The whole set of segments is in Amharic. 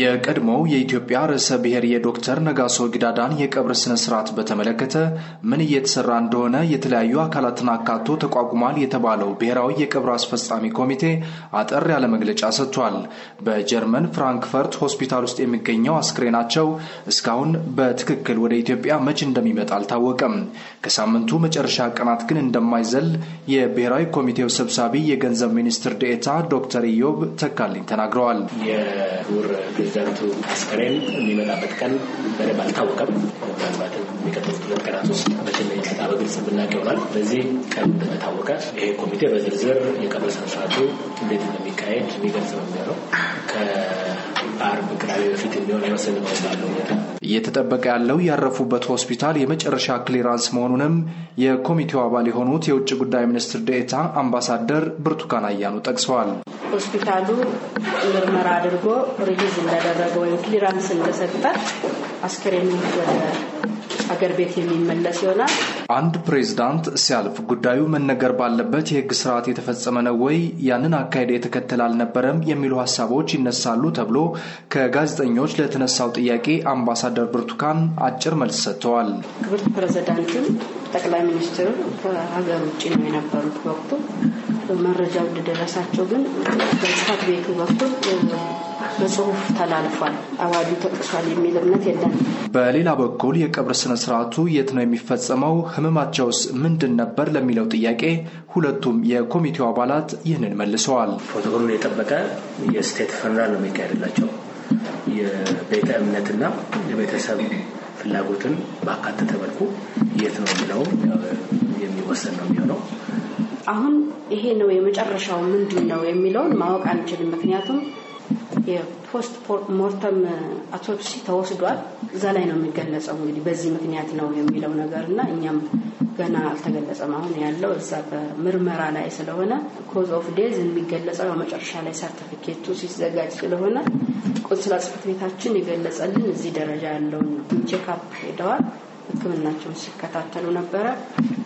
የቀድሞው የኢትዮጵያ ርዕሰ ብሔር የዶክተር ነጋሶ ጊዳዳን የቀብር ስነ ስርዓት በተመለከተ ምን እየተሰራ እንደሆነ የተለያዩ አካላትን አካቶ ተቋቁሟል የተባለው ብሔራዊ የቀብር አስፈጻሚ ኮሚቴ አጠር ያለ መግለጫ ሰጥቷል። በጀርመን ፍራንክፈርት ሆስፒታል ውስጥ የሚገኘው አስክሬናቸው እስካሁን በትክክል ወደ ኢትዮጵያ መች እንደሚመጣ አልታወቀም። ከሳምንቱ መጨረሻ ቀናት ግን እንደማይዘል የብሔራዊ ኮሚቴው ሰብሳቢ የገንዘብ ሚኒስትር ዴኤታ ዶክተር ኢዮብ ተካልኝ ተናግረዋል። ፕሬዚዳንቱ አስከሬን የሚመጣበት ቀን በደንብ አልታወቀም። ምናልባት የሚቀጥሉት ሁለት ቀናት ውስጥ መቼ እንደሚመጣ በግልጽ ብናቅ ይሆናል። በዚህ ቀን እንደታወቀ ይሄ ኮሚቴ በዝርዝር የቀብር ስነ እንዴት እንደሚካሄድ የሚገልጽ ነው የሚሆነው ከአርብ ቅዳሜ በፊት የሚሆን አይመስልም ባለው ሁኔታ እየተጠበቀ ያለው ያረፉበት ሆስፒታል የመጨረሻ ክሊራንስ መሆኑንም የኮሚቴው አባል የሆኑት የውጭ ጉዳይ ሚኒስትር ዴኤታ አምባሳደር ብርቱካን አያኑ ጠቅሰዋል። ሆስፒታሉ ምርመራ አድርጎ ሪሊዝ እንዳደረገ ወይም ክሊራንስ እንደሰጠ አስክሬኑ ወደ ሀገር ቤት የሚመለስ ይሆናል። አንድ ፕሬዝዳንት ሲያልፍ ጉዳዩ መነገር ባለበት የህግ ስርዓት የተፈጸመ ነው ወይ ያንን አካሄድ የተከተል አልነበረም የሚሉ ሀሳቦች ይነሳሉ ተብሎ ከጋዜጠኞች ለተነሳው ጥያቄ አምባሳደር ብርቱካን አጭር መልስ ሰጥተዋል። ክብርት ፕሬዝዳንትም ጠቅላይ ሚኒስትሩ ከሀገር ውጭ ነው የነበሩት ወቅቱ መረጃው እንደደረሳቸው ግን በጽፈት ቤቱ በኩል በጽሁፍ ተላልፏል። አዋጁ ተጥሷል የሚል እምነት የለም። በሌላ በኩል የቀብር ስነ ስርዓቱ የት ነው የሚፈጸመው? ህመማቸውስ ምንድን ነበር ለሚለው ጥያቄ ሁለቱም የኮሚቴው አባላት ይህንን መልሰዋል። ፕሮቶኮሉን የጠበቀ የስቴት ፈንራ ነው የሚካሄድላቸው የቤተ እምነትና የቤተሰብ ፍላጎትን ባካተተ መልኩ የት ነው የሚለውም የሚወሰን ነው የሚሆነው አሁን ይሄ ነው የመጨረሻው ምንድን ነው የሚለውን ማወቅ አንችልም። ምክንያቱም የፖስት ሞርተም አቶፕሲ ተወስዷል። እዛ ላይ ነው የሚገለጸው እንግዲህ በዚህ ምክንያት ነው የሚለው ነገር እና እኛም ገና አልተገለጸም። አሁን ያለው እዛ በምርመራ ላይ ስለሆነ ኮዝ ኦፍ ዴዝ የሚገለጸው በመጨረሻ ላይ ሰርቲፊኬቱ ሲዘጋጅ ስለሆነ ቆንስላ ጽሕፈት ቤታችን የገለጸልን እዚህ ደረጃ ያለውን ነው። ቼክ አፕ ሄደዋል። ህክምናቸውን ሲከታተሉ ነበረ።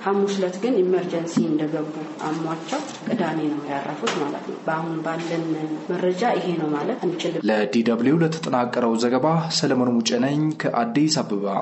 ሐሙስ ዕለት ግን ኢመርጀንሲ እንደገቡ አሟቸው ቅዳሜ ነው ያረፉት ማለት ነው። በአሁን ባለን መረጃ ይሄ ነው ማለት አንችልም። ለዲ ደብልዩ ለተጠናቀረው ዘገባ ሰለሞን ሙጬ ነኝ ከአዲስ አበባ።